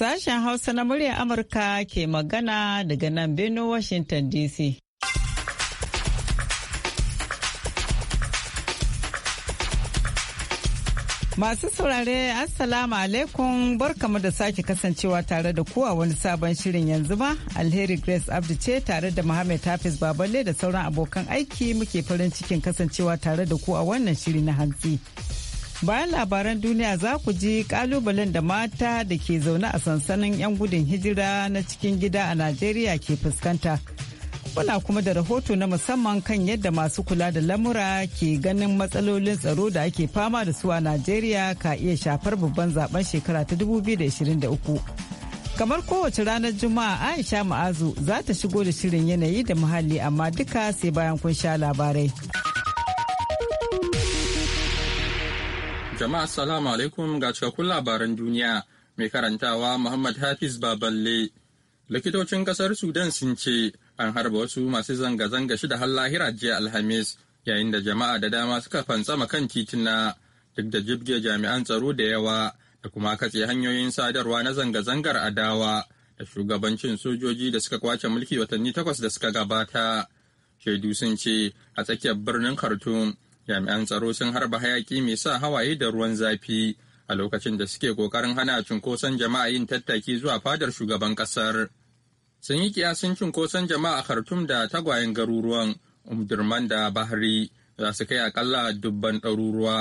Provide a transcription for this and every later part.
Sashen Hausa na murya Amurka ke magana daga nan Benue, Washington DC. Masu saurare Assalamu alaikum barkamu da sake kasancewa tare da kuwa wani sabon shirin yanzu ma Alheri Grace abdu ce tare da Muhammad Hafiz Baballe da sauran abokan aiki muke farin cikin kasancewa tare da ku a wannan shiri na hantsi. Bayan labaran duniya za ku ji kalubalen da mata da ke zaune a sansanin 'yan gudun hijira na cikin gida a Najeriya ke fuskanta. Muna kuma da rahoto na musamman kan yadda masu kula da lamura ke ganin matsalolin tsaro da ake fama da su a Najeriya ka iya shafar babban zaben shekara ta 2023. kamar kowace ranar juma'a aisha ma'azu za ta shigo da shirin yanayi da muhalli amma duka sai bayan kun sha labarai Jama'a assalamu alaikum ga cikakkun labaran duniya mai karantawa Muhammad Hafiz Baballe. Likitocin kasar Sudan sun ce an harba wasu masu zanga-zanga shida har lahira jiya Alhamis yayin da jama'a da dama suka fantsama kan titina duk da jibge jami'an tsaro da yawa da kuma katse hanyoyin sadarwa na zanga-zangar adawa da shugabancin sojoji da suka kwace mulki watanni takwas da suka gabata. Shaidu sun ce a tsakiyar birnin Khartoum jami'an tsaro sun harba hayaki mai sa hawaye da ruwan zafi a lokacin da suke kokarin hana cunkoson jama'a yin tattaki zuwa fadar shugaban kasar sun yi kiyasin cunkoson jama'a a khartum da tagwayen garuruwan umdurman da bahari za su kai akalla dubban ɗaruruwa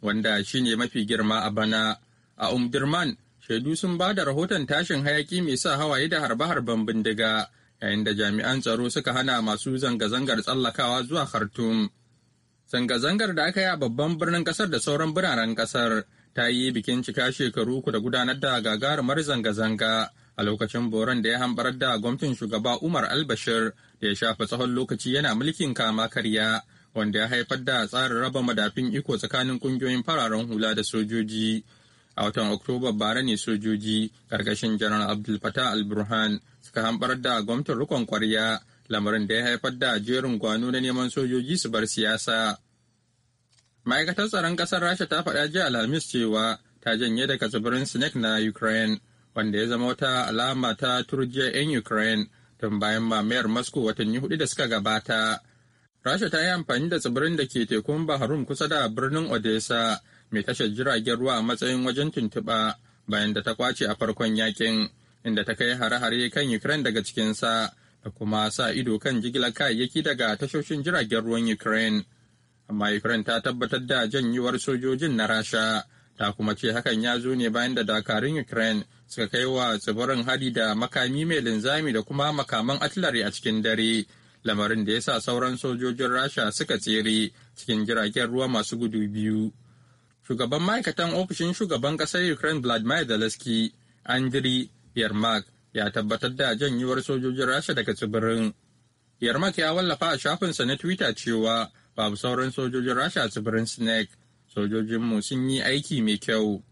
wanda shine mafi girma a bana a umdurman shaidu sun ba da rahoton tashin hayaki mai sa hawaye da harbe-harben bindiga yayin da jami'an tsaro suka hana masu zanga-zangar tsallakawa zuwa khartum Zanga-zangar da aka yi a babban birnin kasar da sauran biranen kasar ta yi bikin cika shekaru uku da gudanar da gagarumar zanga-zanga a lokacin boron da ya hambarar da gwamnatin shugaba Umar Albashir da ya shafa tsawon lokaci yana mulkin kama karya wanda ya haifar da tsarin raba madafin iko tsakanin kungiyoyin fararen hula da sojoji. A watan Oktoba bara ne sojoji ƙarƙashin Janar abdulfatah alburhan al-Burhan suka hambarar da gwamnatin rikon kwarya lamarin da ya haifar da jerin gwano na neman sojoji su bar siyasa. Ma'aikatar tsaron ƙasar Rasha ta faɗa jiya Alhamis cewa ta janye daga tsibirin Snake na Ukraine, wanda ya zama wata alama ta turjiya 'yan Ukraine tun bayan mamayar Moscow watanni hudu da suka gabata. Rasha ta yi amfani da tsibirin da ke tekun Bahrum kusa da birnin Odessa mai tashar jiragen ruwa a matsayin wajen tuntuɓa bayan da ta kwace a farkon yakin, inda ta kai hare-hare kan Ukraine daga cikinsa. da kuma sa ido kan jigilar kayayyaki daga tashoshin jiragen ruwan Ukraine. Amma Ukraine ta tabbatar da janyuwar sojojin na Rasha, ta kuma ce hakan ya zo ne bayan da dakarun Ukraine suka kai wa tsibirin hari da makami mai linzami da kuma makaman atilari a cikin dare, lamarin da ya sa sauran sojojin Rasha suka tsere cikin jiragen ruwa masu gudu biyu. Shugaban ma'aikatan ofishin shugaban ƙasar Ukraine Vladimir Zelensky, Andriy Yermak, ya tabbatar da janyuwar sojojin Rasha daga tsibirin. Yarmak ya wallafa a shafinsa na Twitter cewa babu sauran sojojin Rasha a tsibirin Snake, sojojinmu sun yi aiki mai kyau.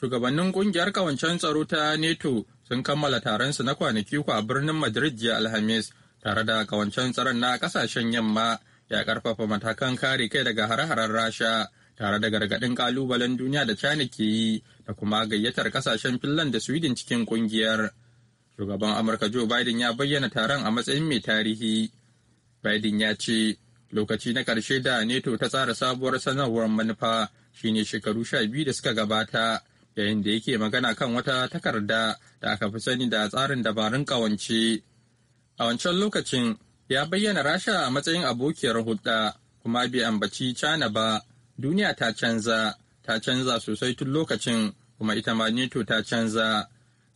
Shugabannin kungiyar kawancen tsaro ta NATO sun kammala taronsu na kwanaki uku a birnin Madrid jiya Alhamis tare da kawancen tsaron na kasashen yamma ya karfafa matakan kare kai daga hare-haren Rasha. tare da gargaɗin ƙalubalen duniya da China ke yi da kuma gayyatar kasashen Finland da Sweden cikin kungiyar Shugaban Amurka Joe Biden ya bayyana taron a matsayin mai tarihi. Biden ya ce lokaci na karshe da NATO ta tsara sabuwar sanarwar manufa shine shekaru sha biyu da suka gabata yayin da yake magana kan wata takarda da aka fi sani da tsarin dabarun ƙawance. A wancan lokacin ya bayyana Rasha a matsayin abokiyar hulɗa kuma bai ambaci China ba duniya ta canza ta canza sosai tun lokacin kuma ita ma neto ta canza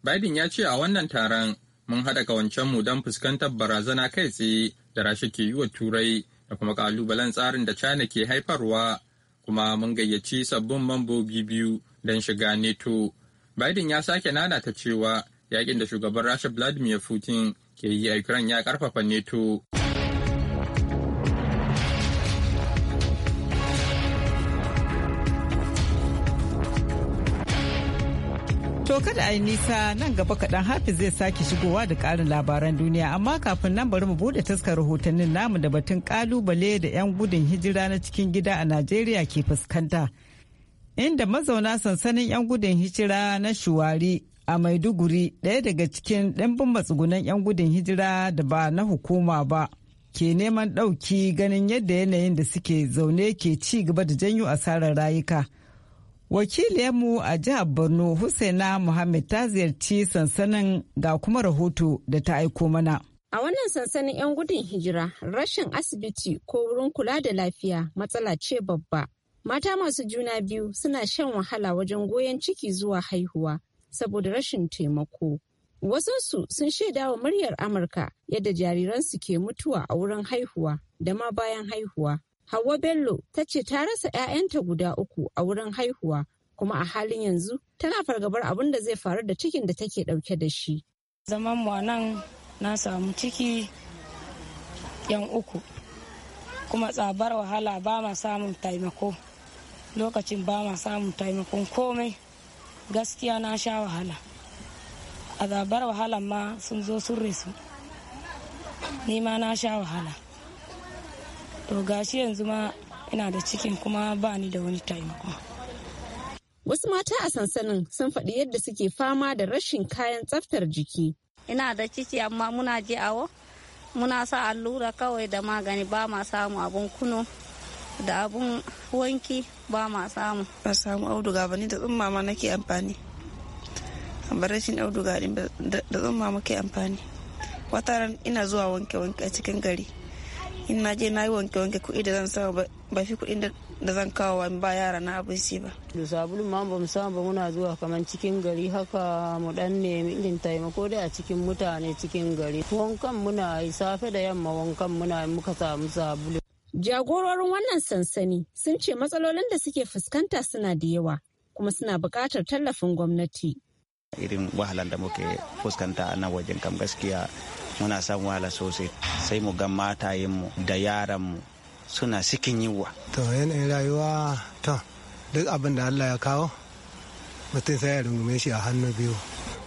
biden ya ce a wannan taron mun haɗa ƙawancenmu don fuskantar barazana kai tsaye da rasha ke yi wa turai da kuma ƙalubalen tsarin da china ke haifarwa kuma mun gayyaci sabbin mambobi biyu don shiga neto biden ya sake nanata cewa yakin da shugaban rasha vladimir putin ke yi a ukraine ya karfafa neto To kada a yi nisa nan gaba kaɗan hafi zai sake shigowa da ƙarin labaran duniya amma kafin nan bari mu buɗe taskar rahotannin namu da batun ƙalubale da 'yan gudun hijira na cikin gida a Najeriya ke fuskanta. Inda mazauna sansanin 'yan gudun hijira na Shuwari a Maiduguri ɗaya daga cikin ɗimbin matsugunan 'yan gudun hijira da ba na hukuma ba ke neman ɗauki ganin yadda yanayin da suke zaune ke ci gaba da janyo asarar rayuka. Wakiliyarmu a jihar Borno Husaina Muhammad ta ziyarci sansanin ga kuma rahoto da ta aiko mana. A wannan sansanin 'yan gudun hijira, rashin asibiti ko wurin kula da lafiya matsala ce babba. Mata masu juna biyu suna shan wahala wajen goyon ciki zuwa haihuwa saboda rashin taimako. Wasansu sun shaida wa muryar Amurka yadda jariransu ke mutuwa a wurin haihuwa da ma bayan haihuwa Hauwa Bello ta ce ta rasa 'ya'yanta guda uku a wurin haihuwa kuma a halin yanzu tana fargabar abin da zai faru da cikin da take dauke da shi. Zaman mu nan na samu ciki yan uku kuma tsabar wahala ba ma samun taimako lokacin ba ma samun taimakon komai gaskiya na sha wahala a tsabar wahalan ma sun zo sun resu ni ma na sha wahala to gashi yanzu ma ina da cikin kuma ba ni da wani taimako wasu mata a sansanin sun faɗi yadda suke fama da rashin kayan tsaftar jiki ina da ciki amma muna je awo muna sa allura kawai da magani ba ma samu abun kuno da abun wanki ba ma samu ba samu auduga ba ni da tsumma ma nake amfani ba rashin auduga din da tsumma ke amfani wataran ina zuwa wanke wanke a cikin gari in na je na yi wanke wanke kuɗi da zan samu ba fi kuɗin da zan kawo wa ba yara na abinci ba. da sabulu ma ba mu samu ba muna zuwa kamar cikin gari haka mu dan nemi irin taimako da a cikin mutane cikin gari wankan muna yi safe da yamma wankan muna yi muka samu sabulu. jagororin wannan sansani sun ce matsalolin da suke fuskanta suna da yawa kuma suna buƙatar tallafin gwamnati. irin wahalar da muke fuskanta a nan wajen kam gaskiya muna son wala sosai sai mu ga matayenmu da yaranmu suna sikin yiwa to yanayin rayuwa to duk abin da allah ya kawo mutum sai ya rungume shi a hannu biyu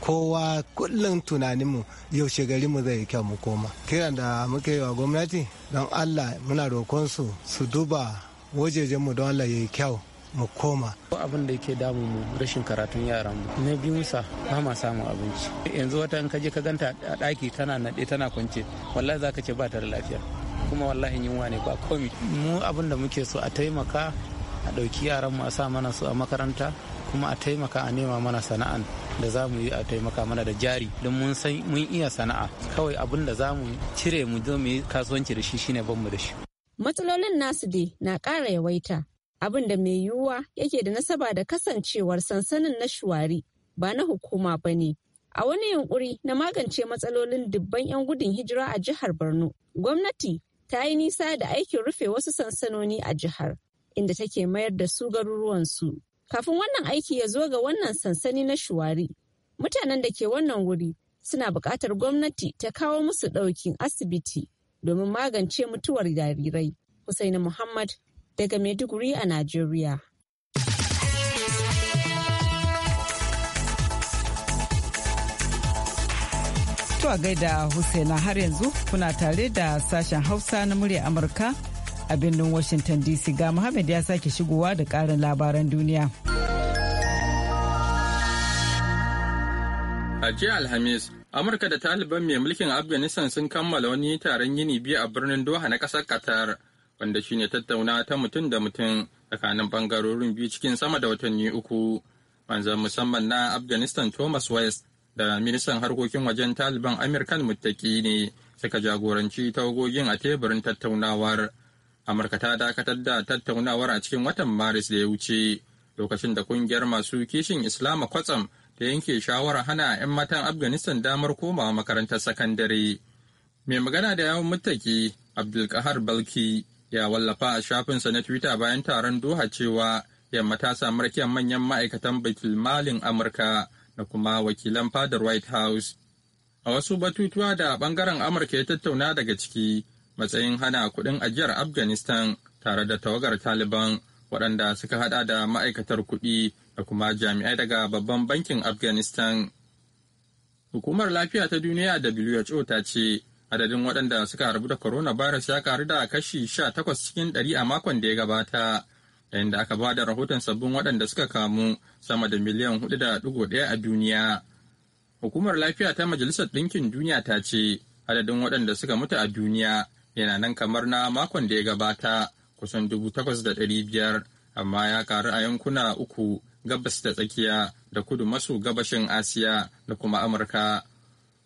kowa kullum tunaninmu yaushe mu zai kyau mu koma kiran da muke yi wa gwamnati don allah muna roƙon su su duba wajejenmu don allah ya yi kyau mu koma abin da yake damu mu rashin karatun yaran mu na bi musa, ba ma samun abinci yanzu wata in ka je ka ganta a daki tana naɗe tana kwance wallahi zaka ce ba ta da lafiya kuma wallahi yunwa ne ba komi mu abin da muke so a taimaka a ɗauki yaran mu a sa mana su a makaranta kuma a taimaka a nema mana sana'an da za mu yi a taimaka mana da jari don mun san mun iya sana'a kawai abin da za mu cire mu zo mu yi kasuwanci da shi shine ban mu da shi matsalolin nasu dai na ƙara yawaita abin da mai yiwuwa yake da nasaba da kasancewar sansanin na shuwari ba na hukuma ba ne. A wani yunkuri na magance matsalolin dubban 'yan gudun hijira a jihar Borno, gwamnati ta yi nisa da aikin rufe wasu sansanoni a jihar, inda take mayar da su garuruwansu. Kafin wannan aiki ya zo ga wannan sansani na shuwari, mutanen da ke wannan wuri suna buƙatar gwamnati ta kawo musu ɗaukin asibiti domin magance mutuwar jarirai. Husaini Muhammad daga Maiduguri a Najeriya. a gaida Husaina har yanzu kuna tare da sashen Hausa na murya Amurka a birnin Washington DC ga Muhammad ya sake shigowa da karin labaran duniya. A jiya Alhamis, Amurka da Taliban mai mulkin Afghanistan sun kammala wani taron yini biyu a birnin Doha na ƙasar Qatar wanda shine tattauna ta mutum da mutum tsakanin bangarorin biyu cikin sama da watanni uku manzan musamman na afghanistan thomas west da ministan harkokin wajen taliban amirkan muttaki ne suka jagoranci tawagogin a teburin tattaunawar amurka ta dakatar da tattaunawar a cikin watan maris da ya wuce lokacin da kungiyar masu kishin islama kwatsam ta yanke shawarar hana 'yan matan afghanistan damar komawa makarantar sakandare mai magana da yawon muttaki abdulkahar balki ya wallafa a shafinsa na Twitter bayan taron Doha cewa yamma ta samu rakiyar manyan ma'aikatan Baitul Malin Amurka da kuma wakilan fadar White House. A wasu batutuwa da bangaren Amurka ya tattauna daga ciki matsayin hana kudin ajiyar Afghanistan tare da tawagar Taliban waɗanda suka hada da ma'aikatar kuɗi da kuma jami'ai daga babban bankin Afghanistan. Hukumar lafiya ta duniya WHO ta ce adadin waɗanda suka harbu da coronavirus ya karu da kashi sha 18 cikin ɗari a makon da ya gabata yayin da aka ba da rahoton sabbin waɗanda suka kamu sama da miliyan 4.1 a duniya hukumar lafiya ta majalisar ɗinkin duniya ta ce adadin waɗanda suka mutu a duniya yana nan kamar na makon da ya gabata kusan dubu takwas da ɗari biyar, amma ya karu a yankuna uku gabas da tsakiya da kudu maso gabashin asiya da kuma amurka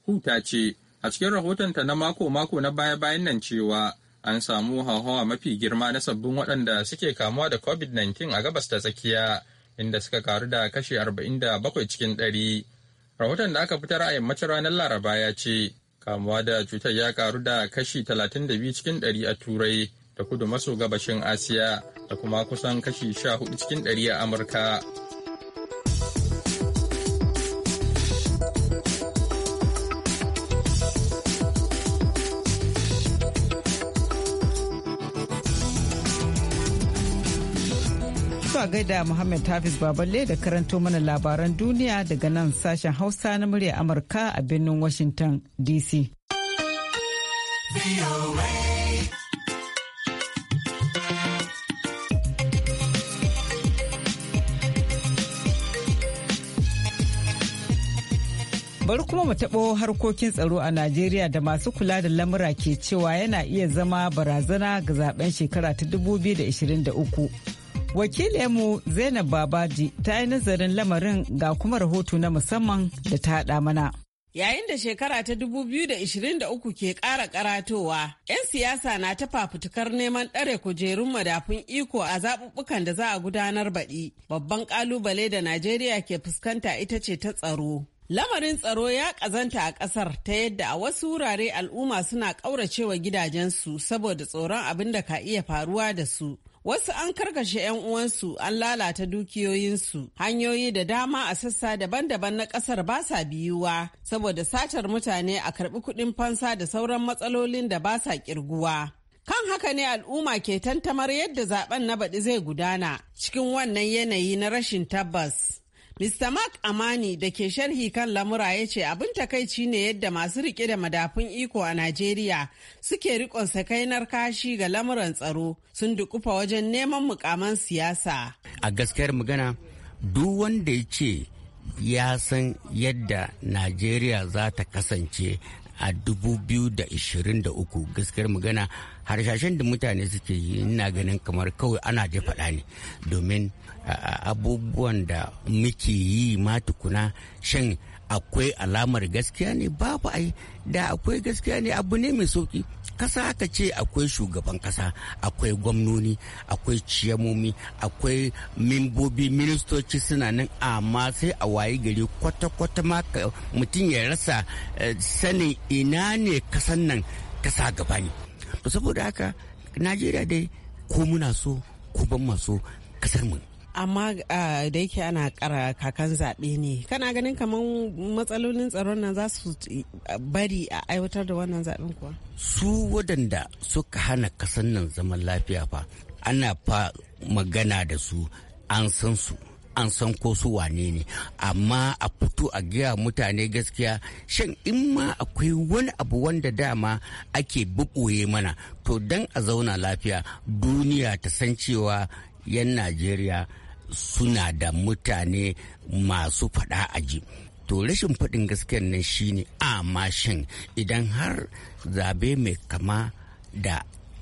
Hu ta ce a cikin rahotonta na mako-mako na baya-bayan nan cewa an samu hauhawa mafi girma na sabbin waɗanda suke kamuwa da covid-19 a gabas ta tsakiya inda suka karu da kashi 47 cikin ɗari. rahoton da aka fitar a yammacin ranar laraba ya ce kamuwa da cutar ya karu da kashi 32 cikin ɗari a turai da kudu maso gabashin asiya da kuma kusan kashi 14 cikin ɗari a amurka a gaida Muhammad Hafiz Baballe da karanto mana labaran duniya daga nan sashen Hausa na murya Amurka a birnin Washington DC. bari kuma mu taɓo harkokin tsaro a najeriya da masu kula da lamura ke cewa yana iya zama barazana ga zaben shekara ta 2023 wakilinmu zainab babaji ta yi nazarin lamarin ga kuma rahoto na musamman da ta haɗa mana Yayin da shekara ta 2023 ke ƙara karatowa, 'yan siyasa na ta fafutukar neman ɗare kujerun madafun iko a zaɓuɓɓukan da za a gudanar baɗi. Babban ƙalubale da Najeriya ke fuskanta ita ce ta tsaro. Lamarin tsaro ya ƙazanta a ƙasar ta yadda a wasu wurare al'umma suna ƙauracewa gidajensu saboda tsoron abin da ka iya faruwa da su. Wasu an karkashe 'yan uwansu an lalata dukiyoyinsu. Hanyoyi da dama a sassa daban-daban na ƙasar ba sa biyuwa saboda satar mutane a karɓi kuɗin fansa da sauran matsalolin da ba sa ƙirguwa. Kan haka ne al'umma ke tantamar yadda zaben na baɗi zai gudana cikin wannan yanayi na rashin tabbas. Mr. Mark Amani da ke sharhi kan lamura ya ce abin takaici ne yadda masu rike da madafun iko a Najeriya suke rikon sakainar kashi ga lamuran tsaro sun dukufa wajen neman mukaman siyasa. A gaskiyar magana duk wanda ya ce ya san yadda Najeriya za ta kasance a 2023 gaskiyar magana harshashen da mutane suke yi ina ganin kamar kawai ana da faɗa ne domin abubuwan da muke yi ma tukuna shin akwai alamar gaskiya ne babu ai da akwai gaskiya ne abu ne mai sauki kasa aka ce akwai shugaban kasa akwai gwamnoni akwai ciyamomi akwai mimbobi ministoci suna nan amma sai a wayi gari kwata-kwata ma mutum ya rasa eh, sanin ina ne kasan nan kasa gaba ne to saboda haka najeriya dai ko muna so ko ban maso kasar mu amma ah, da yake ana kara kakan zaɓe ne kana ganin kamar matsalolin tsaron nan za su eh, bari a aiwatar da wannan zaɓen kuwa su waɗanda suka hana kasan nan zaman lafiya fa ana fa magana da su an san su an san ko su wane ne amma a fito a gaya mutane gaskiya shan in ma akwai wani abu wanda dama ake buɓoye mana to don a zauna lafiya duniya ta san cewa 'yan najeriya suna da mutane masu faɗa aji to rashin faɗin gaskiyar nan shine a mashin idan har zabe mai kama da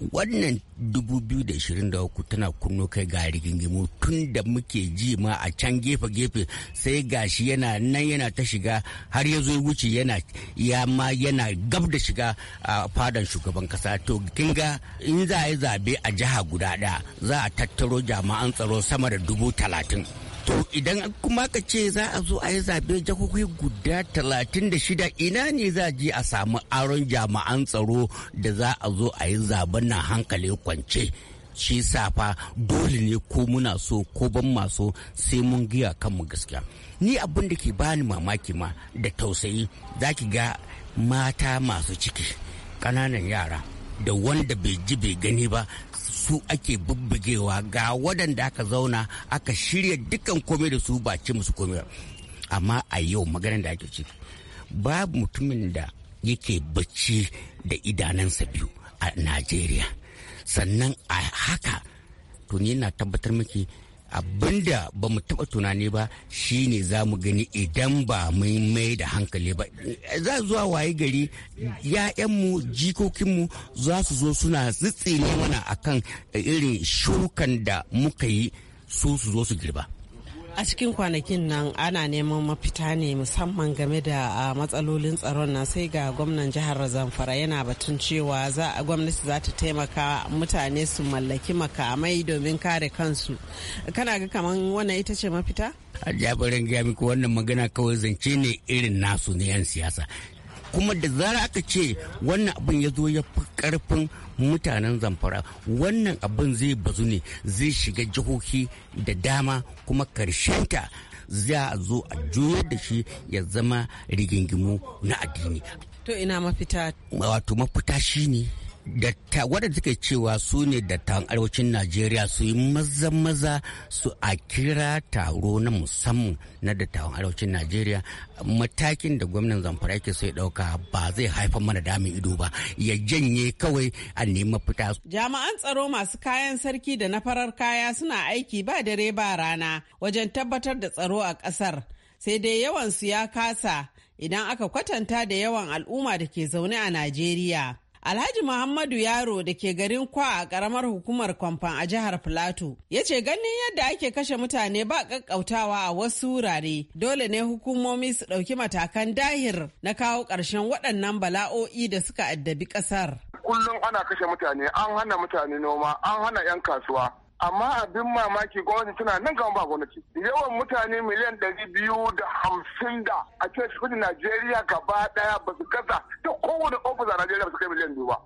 wannan 2023 tana kunno kai ga rigingimu tun da muke ji ma a can gefe-gefe sai gashi yana nan yana ta shiga har ya zo wuce yana ya ma yana gab da shiga a fadan shugaban kasa to kin ga in za a yi zabe a jiha guda ɗaya za a tattaro jama'an tsaro sama da dubu talatin To idan kuma ka ce za a zo a yi zaɓe jihohi guda talatin da shida ina ne za a je a samu aron jami'an tsaro da za a zo a yi zaben na hankali kwance. Shi safa dole ne ko muna so ko ban maso sai mun giya kanmu gaskiya. Ni abin da ke bani mamaki ma da tausayi za ki ga mata masu ciki ƙananan yara da wanda bai ji bai gani ba su ake bubbugewa ga waɗanda aka zauna aka shirya dukkan komai da su ba ci musu komai amma a yau maganar da ake ci babu mutumin da yake bacci da idanansa biyu a najeriya sannan a haka tuni ni na tabbatar miki abinda ba mu taɓa tunani ba shine za mu gani idan ba mu mai da hankali ba za zuwa waye gari ya'yanmu jikokinmu za su zo suna zitsine mana akan irin shukan da muka yi su su zo su girba a cikin kwanakin nan ana neman mafita ne musamman game da matsalolin tsaron nan sai ga gwamnan jihar zamfara yana batun cewa za a gwamnati za ta taimaka mutane su mallaki makamai domin kare kansu kana ga kaman wannan ita ce mafita a jabarin gami ko wannan magana kawai zance ne irin nasu ne yan siyasa kuma da zara aka ce wannan abin ya zo ya fi karfin mutanen zamfara wannan abin zai bazu ne zai shiga jihohi da dama kuma ta za a zo a juyo da shi ya zama rigingimu na addini to ina mafita wato mafita shine wadda take cewa su ne dattawan arewacin najeriya su yi maza-maza su a kira taro na musamman na dattawan arewacin najeriya matakin da gwamnan zamfara yake so ya dauka ba zai haifar mana damin ido ba ya janye kawai a nemi fita jami'an tsaro masu kayan sarki da na farar kaya suna aiki ba dare ba rana wajen tabbatar da tsaro a kasar sai dai yawansu ya kasa idan aka kwatanta da yawan al'umma da ke zaune a najeriya Alhaji Muhammadu Yaro da ke garin Kwa a karamar hukumar Kwamfan a jihar Filato ya ce ganin yadda ake kashe mutane ba ƙaƙƙautawa a wasu wurare dole ne hukumomi su ɗauki matakan dahir na kawo ƙarshen waɗannan bala'o'i da suka addabi ƙasar. Kullum ana kashe mutane, an hana mutane noma, an hana 'yan kasuwa, amma abin mamaki gwamnati tana nan kama ba gwamnati yawan mutane miliyan ɗari biyu da hamsin da a ce kudi najeriya gaba ɗaya ba su kasa ta kowane ofis a najeriya ba su kai miliyan biyu ba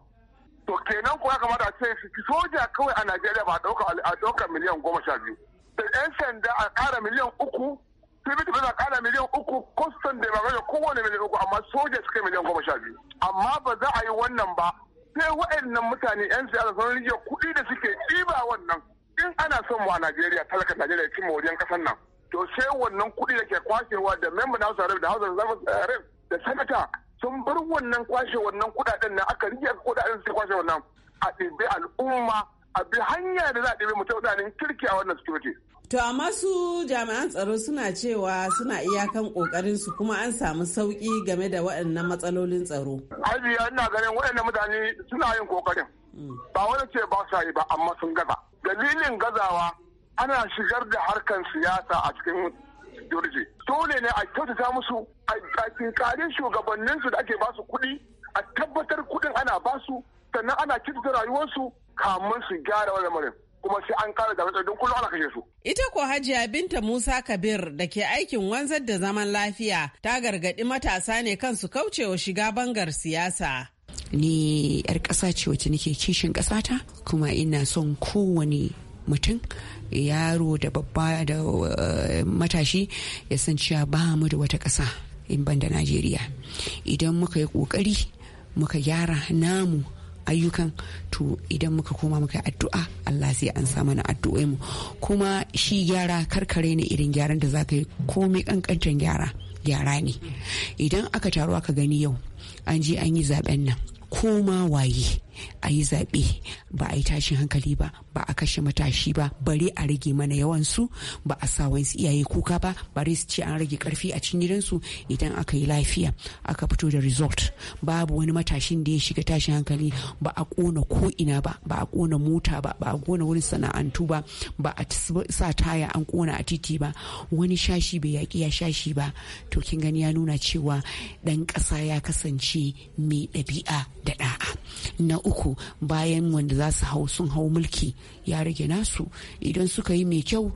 to kenan ya kamata a ce soja kawai a najeriya ba a ɗaukar miliyan goma sha biyu da yan sanda a ƙara miliyan uku sibiti ba a ƙara miliyan uku kwastan da ba kowane miliyan uku amma soja su kai miliyan goma sha biyu amma ba za a yi wannan ba sai waɗannan mutane 'yan siyasa sun rige kuɗi da suke ɗiba wannan in ana son mu a Najeriya talaka Najeriya cin moriyan kasan nan to sai wannan kuɗi da ke kwashewa da member na Hausa da Hausa da sanata sun bar wannan kwashe wannan kuɗaɗen na aka rike kuɗaɗen sai kwashe wannan a ɗibi al'umma a bi hanya da za a ɗebe mutum kirki a wannan security. To amma su jami'an tsaro suna cewa suna iyakan kokarin su kuma an samu sauki game da waɗannan matsalolin tsaro. Hajiya ina ganin waɗannan mutane suna yin kokarin. ba wani ce ba sa yi ba amma sun gaza dalilin gazawa ana shigar da harkan siyasa a cikin jirgi dole ne a kyautata musu a kinkarin su da ake basu kuɗi a tabbatar kuɗin ana basu sannan ana kyautata rayuwarsu kamun su gyara wani lamarin kuma sai an kare da don kullum ana kashe su. Ita ko Hajiya Binta Musa Kabir da ke aikin wanzar da zaman lafiya ta gargaɗi matasa ne kansu kaucewa shiga bangar siyasa. ni yar ƙasa ce wacce nake kishin ƙasata kuma ina son kowane mutum yaro da babba da eh, matashi ya san cewa ba mu da wata ƙasa in ban da najeriya idan muka yi ƙoƙari muka gyara namu ayyukan to idan muka koma muka addu'a Allah sai an sa mana addu'o'i kuma shi gyara karkare ne irin gyaran da za ka yi komai kankantan gyara gyara ne idan aka taru aka gani yau an je an yi zaben nan ko ma waye a yi zaɓe ba a yi tashin hankali ba ba a kashe matashi ba bare a rage mana yawansu ba a sa wasu iyaye kuka ba bare su ce an rage karfi a cikin gidansu idan aka yi lafiya aka fito da result babu wani matashin da ya shiga tashin hankali ba a kona ko ba ba a kona mota ba ba a kona wurin sana'antu ba ba a sa taya an kona a titi ba wani shashi bai yaƙi ya shashi ba to kin gani ya nuna cewa ɗan ƙasa ya kasance mai ɗabi'a da ɗa'a. na uku bayan wanda za su hau sun hau mulki ya rage nasu idan suka yi mai kyau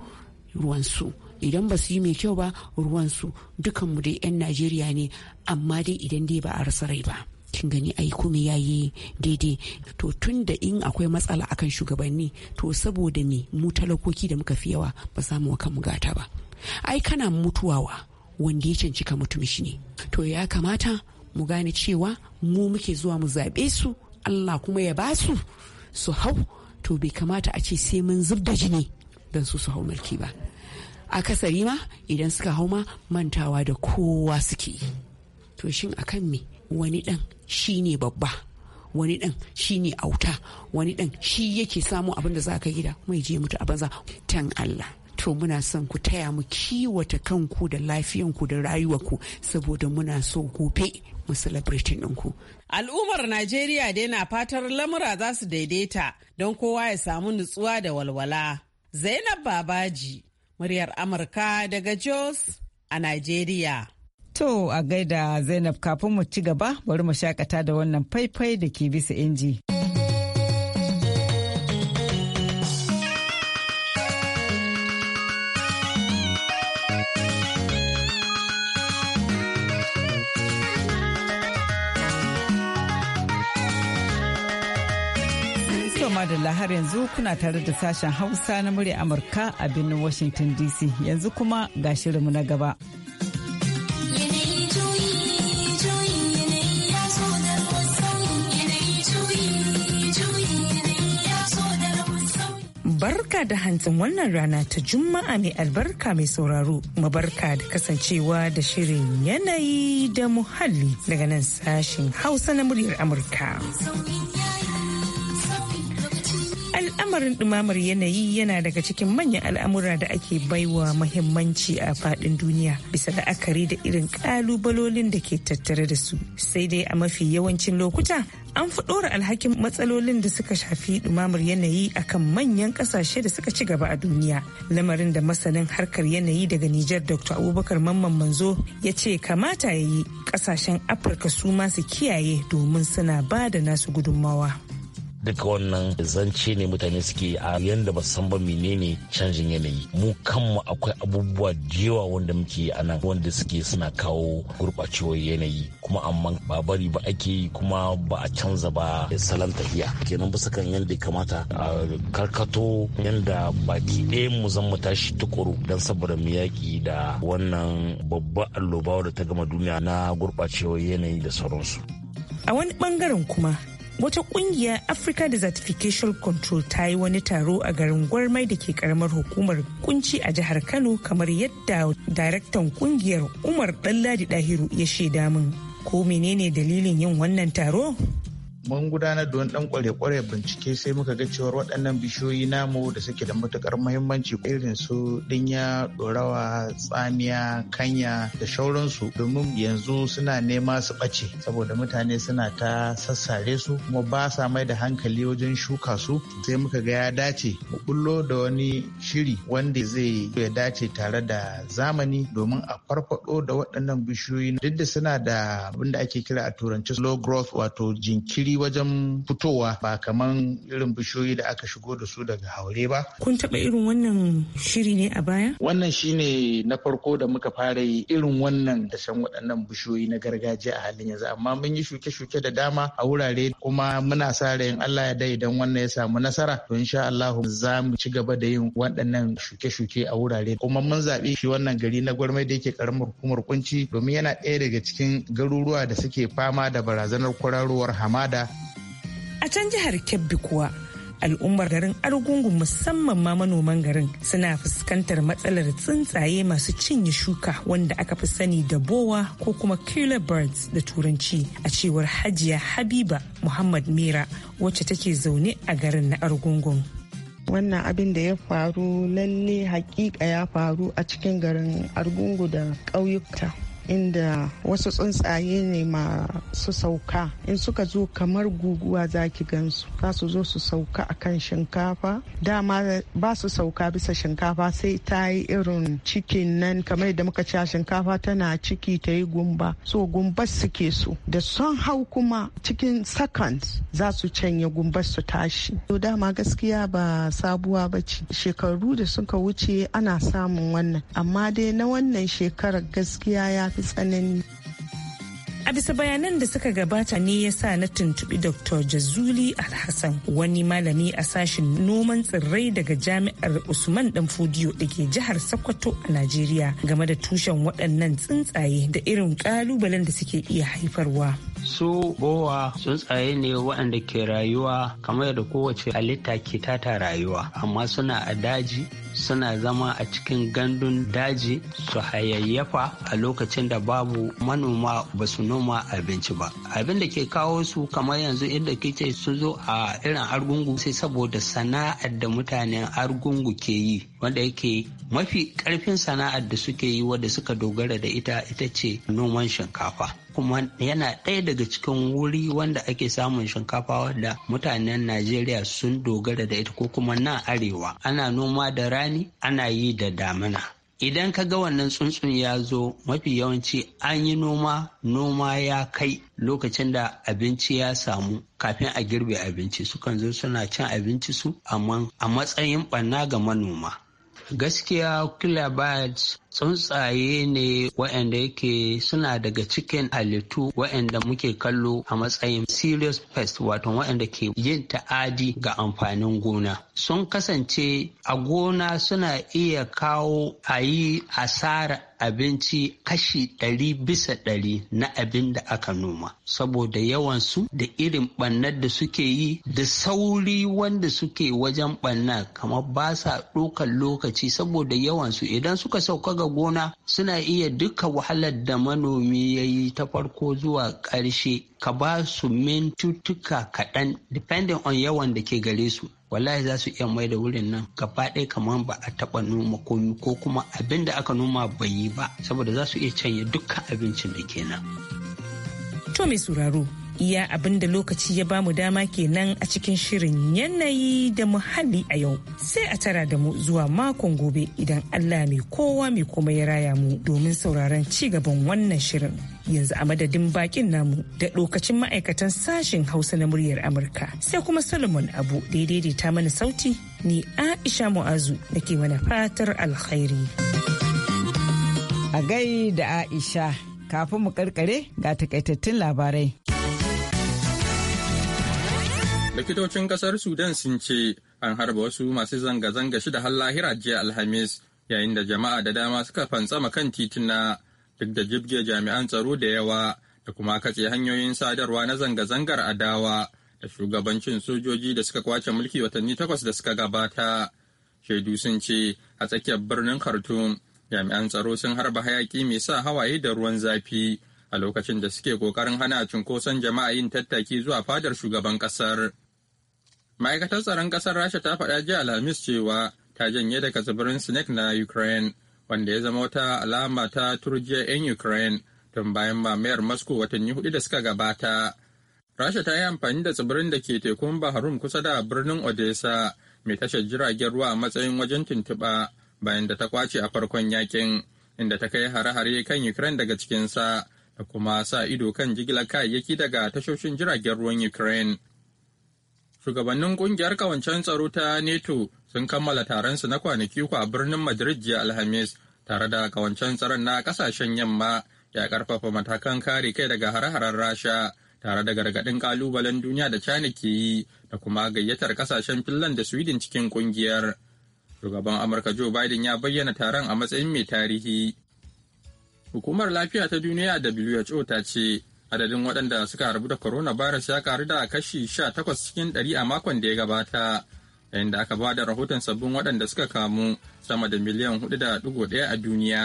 ruwansu idan ba su yi mai kyau ba ruwansu dukanmu dai 'yan najeriya ne amma dai idan dai ba a rasa rai ba kin gani ai kuma ya yi daidai to tun da in akwai matsala akan shugabanni to saboda me mu talakoki da muka fi yawa ba samu kan gata ba ai kana mutuwawa wanda ya cancika mutum shi ne to ya kamata mu gane cewa mu muke zuwa mu zaɓe su Allah kuma ya basu su hau to bai kamata a ce sai mun zub da jini don su su hau mulki ba a kasari ma idan suka hau ma mantawa da kowa suke to shin kan me wani dan shine babba wani dan shine auta wani dan shi yake samu abin da za ka gida kuma ya je mutu a tan Allah to muna son ku taya mu kiwata kanku da lafiyanku da rayuwarku saboda muna so gobe mu celebrating ɗinku Al'ummar Najeriya dai na fatar lamura za su daidaita don kowa ya samu nutsuwa da walwala. Zainab Babaji, muryar Amurka daga Jos a Najeriya. To a gaida Zainab kafin mu ci gaba bari mu shakata da wannan faifai da ke bisa inji. kuma madalla har yanzu kuna tare da sashen Hausa na murya Amurka a birnin Washington DC yanzu kuma ga shirinmu na gaba. barka da hantsin wannan rana ta juma'a mai albarka mai sauraro mabarka da kasancewa da shirin yanayi da muhalli daga nan sashen hausa na muryar amurka Lamarin dumamar yanayi yana daga cikin manyan al'amura da ake baiwa mahimmanci a faɗin duniya bisa la'akari da irin ƙalubalolin da ke tattare da su. Sai dai a mafi yawancin lokuta an fi ɗora alhakin matsalolin da suka shafi dumamar yanayi akan manyan ƙasashe da suka ci gaba a duniya. Lamarin da masanin harkar yanayi daga Nijar Dr. Abubakar Mamman Manzo ya ce kamata ya yi ƙasashen Afirka su masu kiyaye domin suna ba da nasu gudunmawa. duka wannan zance ne mutane suke a yanda ba san ba menene canjin yanayi mu kanmu akwai abubuwa da yawa wanda muke a nan wanda suke suna kawo gurɓacewar yanayi kuma amma ba bari ba ake yi kuma ba a canza ba salon tafiya kenan bisa kan ya kamata a karkato yanda baki ɗaya mu zan mu tashi tukuru don saboda mu yaƙi da wannan babba alloba da ta gama duniya na gurɓacewar yanayi da sauransu a wani bangaren kuma wata kungiya africa desertification control ta yi wani taro a garin gwarmai da ke karamar hukumar kunci a jihar kano kamar yadda daraktan kungiyar umar ɗanladi dahiru ya shaida min ko menene dalilin yin wannan taro mun gudanar da wani dan kware-kware bincike sai muka ga cewar waɗannan bishiyoyi namu da suke da matukar muhimmanci irin su dinya dorawa tsamiya kanya da shauransu domin yanzu suna nema su ɓace saboda mutane suna ta sassare su kuma ba sa mai da hankali wajen shuka su sai muka ga ya dace mu bullo da wani shiri wanda zai ya dace tare da zamani domin a farfado da waɗannan bishiyoyi duk da suna da abin da ake kira a turanci slow growth wato jinkiri jinkiri wajen fitowa ba kamar irin bishiyoyi da aka shigo da su daga haure ba. Kun taɓa irin wannan shiri ne a baya? Wannan shi ne na farko da muka fara yi irin wannan dashen waɗannan bishiyoyi na gargajiya a halin yanzu amma mun yi shuke-shuke da dama a wurare kuma muna sa rayin Allah ya dai idan wannan ya samu nasara to insha Allah za mu ci gaba da yin waɗannan shuke-shuke a wurare kuma mun zaɓi shi wannan gari na gwarmai da yake karamar hukumar kunci domin yana ɗaya daga cikin garuruwa da suke fama da barazanar kwararowar hamada A can jihar Kebbi kuwa al'ummar garin Argungu musamman ma manoman garin suna fuskantar matsalar tsuntsaye masu cinye shuka wanda aka fi sani da bowa ko kuma killer birds da turanci a cewar Hajiya Habiba Muhammad Mera wacce take zaune a garin na Argungun. wannan abin da ya faru lalle hakika ya faru a cikin garin argungu da kauyuka. inda wasu tsuntsaye ne masu sauka in suka zo kamar guguwa za ki gansu za su zo su sauka akan shinkafa dama ba su sauka bisa shinkafa sai ta yi irin cikin nan kamar yadda muka cewa shinkafa tana ciki ta yi gumba so gumba suke so da son hau kuma cikin seconds za su canye gumbar su tashi to dama gaskiya ba sabuwa ba ce shekaru da suka wuce ana samun wannan amma dai na wannan shekarar gaskiya ya mafi tsanani a bisa bayanan da suka gabata ne ya sa na tuntubi dr jazuli alhassan wani malami a sashen noman tsirrai daga jami'ar usman dan fodiyo da ke jihar sokoto a najeriya game da tushen waɗannan tsuntsaye da irin ƙalubalen da suke iya haifarwa su bowa tsuntsaye ne waɗanda ke rayuwa kamar da kowace halitta ke tata rayuwa amma suna a daji suna zama a cikin gandun daji su hayayyafa a lokacin da babu manoma ba su noma abinci ba abin da ke kawo su kamar yanzu inda kice su zo a irin argungu sai saboda sana'ar da mutanen argungu ke yi wanda yake mafi karfin sana'ar da suke yi wadda suka dogara da ita ita ce noman shinkafa kuma yana ɗaya daga cikin wuri wanda ake samun shinkafa wadda mutanen najeriya sun dogara da ita ko kuma na arewa ana noma da rani ana yi da damina idan ka ga wannan tsuntsun ya zo mafi yawanci an yi noma noma ya kai lokacin da abinci ya samu kafin a girbe abinci sukan zo suna cin abinci su amma a matsayin ɓanna ga manoma gaskiya killer tsuntsaye ne waɗanda yake suna daga cikin halittu waɗanda muke kallo a matsayin serious pest wato waɗanda ke yin ta'adi ga amfanin gona sun kasance a gona suna iya kawo a yi asara abinci kashi ɗari bisa ɗari na abin da aka noma saboda yawansu da irin ɓannar da suke yi da sauri wanda suke wajen ɓanna kamar ba sa ɗaukar lokaci saboda yawansu idan suka sauka ga gona suna iya duka wahalar da manomi ya yi ta farko zuwa ƙarshe ka ba su mintutuka kaɗan depending on yawan da ke gare su wallahi za su iya mai da wurin nan gaba ɗaya kamar ba a taɓa noma komi ko kuma abin da aka noma bai yi ba saboda za su iya canye dukkan abincin da ke To mai sauraro iya abin da lokaci ya bamu dama kenan a cikin shirin yanayi da muhalli a yau sai a tara da mu zuwa makon gobe idan allah mai kowa mai kuma ya raya mu domin sauraron ci gaban wannan shirin yanzu a madadin bakin namu da lokacin ma'aikatan sashen hausa na muryar amurka sai kuma solomon abu da ta mana sauti ni aisha mu'azu da ke mana fatar alkhairi a gai da aisha kafin mu karkare ga takaitattun labarai likitocin kasar sudan sun ce an harba wasu masu zanga-zanga shida har lahira jiya alhamis yayin da jama'a da dama suka fantsama kan tituna duk da jibge jami'an tsaro da yawa da kuma katse hanyoyin sadarwa na zanga-zangar adawa da shugabancin sojoji da suka kwace mulki watanni takwas da suka gabata shaidu sun ce a tsakiyar birnin khartoum jami'an tsaro sun harba hayaki mai sa hawaye da ruwan zafi a lokacin da suke kokarin hana cunkoson jama'a yin tattaki zuwa fadar shugaban kasar Ma'aikatar tsaron ƙasar Rasha ta faɗa jiya Alhamis cewa ta janye daga tsibirin Snake na Ukraine, wanda ya zama wata alama ta turjiyar 'yan Ukraine tun bayan mamayar Moscow watanni hudu da suka gabata. Rasha ta yi amfani da tsibirin da ke tekun Bahrum kusa da birnin Odessa mai tashar jiragen ruwa a matsayin wajen tuntuɓa bayan da ta kwace a farkon yakin inda ta kai hare-hare kan Ukraine daga cikinsa da kuma sa ido kan jigilar kayayyaki daga tashoshin jiragen ruwan Ukraine. shugabannin kungiyar kawancen tsaro ta neto sun kammala taron su na kwanaki a birnin Madrid jiya Alhamis tare da kawancen tsaron na kasashen yamma ya karfafa matakan kare kai daga hare-haren Rasha tare da gargaɗin kalubalen duniya da China ke yi da kuma gayyatar kasashen Finland da Sweden cikin kungiyar. Shugaban Amurka Joe Biden ya bayyana taron a matsayin mai tarihi. Hukumar Lafiya ta Duniya WHO ta ce adadin waɗanda suka harbu da coronavirus ya karu da kashi sha 18 cikin 100 a makon da ya gabata yayin da aka ba da rahoton sabbin waɗanda suka kamu sama da miliyan hudu da 4.1 a duniya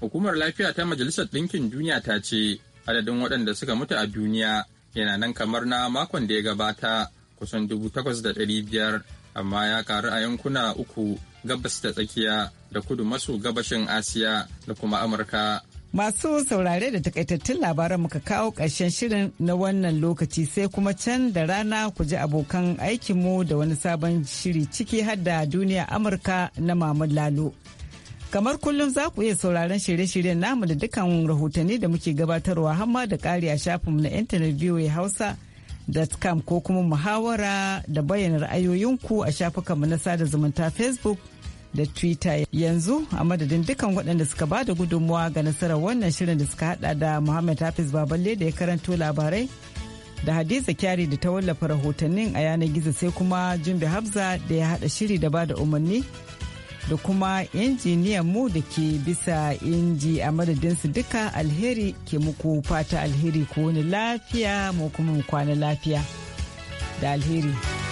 hukumar lafiya ta majalisar ɗinkin duniya ta ce adadin waɗanda suka mutu a duniya yana nan kamar na makon da ya gabata kusan dubu takwas da biyar amma ya karu a yankuna uku gabas da tsakiya da kudu maso gabashin asiya da kuma amurka Masu saurare da takaitattun labaran muka kawo karshen shirin na wannan lokaci sai kuma can da rana ku ji abokan aikinmu da wani sabon shiri ciki har da duniya Amurka na Mahmud Lalo. Kamar kullum za ku iya sauraron shirye-shiryen namu da dukkan rahotanni da muke gabatarwa hamma da ƙari a shafinmu na intanet VOA Hausa. com ko kuma muhawara da bayyana ra'ayoyinku a shafukanmu na sada zumunta Facebook. da twitter yanzu a madadin dukkan waɗanda suka ba da gudunmuwa ga nasarar wannan shirin da suka hada da muhammad hafiz baballe da ya karanto labarai da hadiza kyari da ta wallafa rahotannin a yanar gizo sai kuma jimbi habza da ya hada shiri da ba da umarni da kuma injiniyan mu da ke bisa inji a madadinsu duka alheri ke muku fata alheri ko wani lafiya mu kuma kwana lafiya da alheri.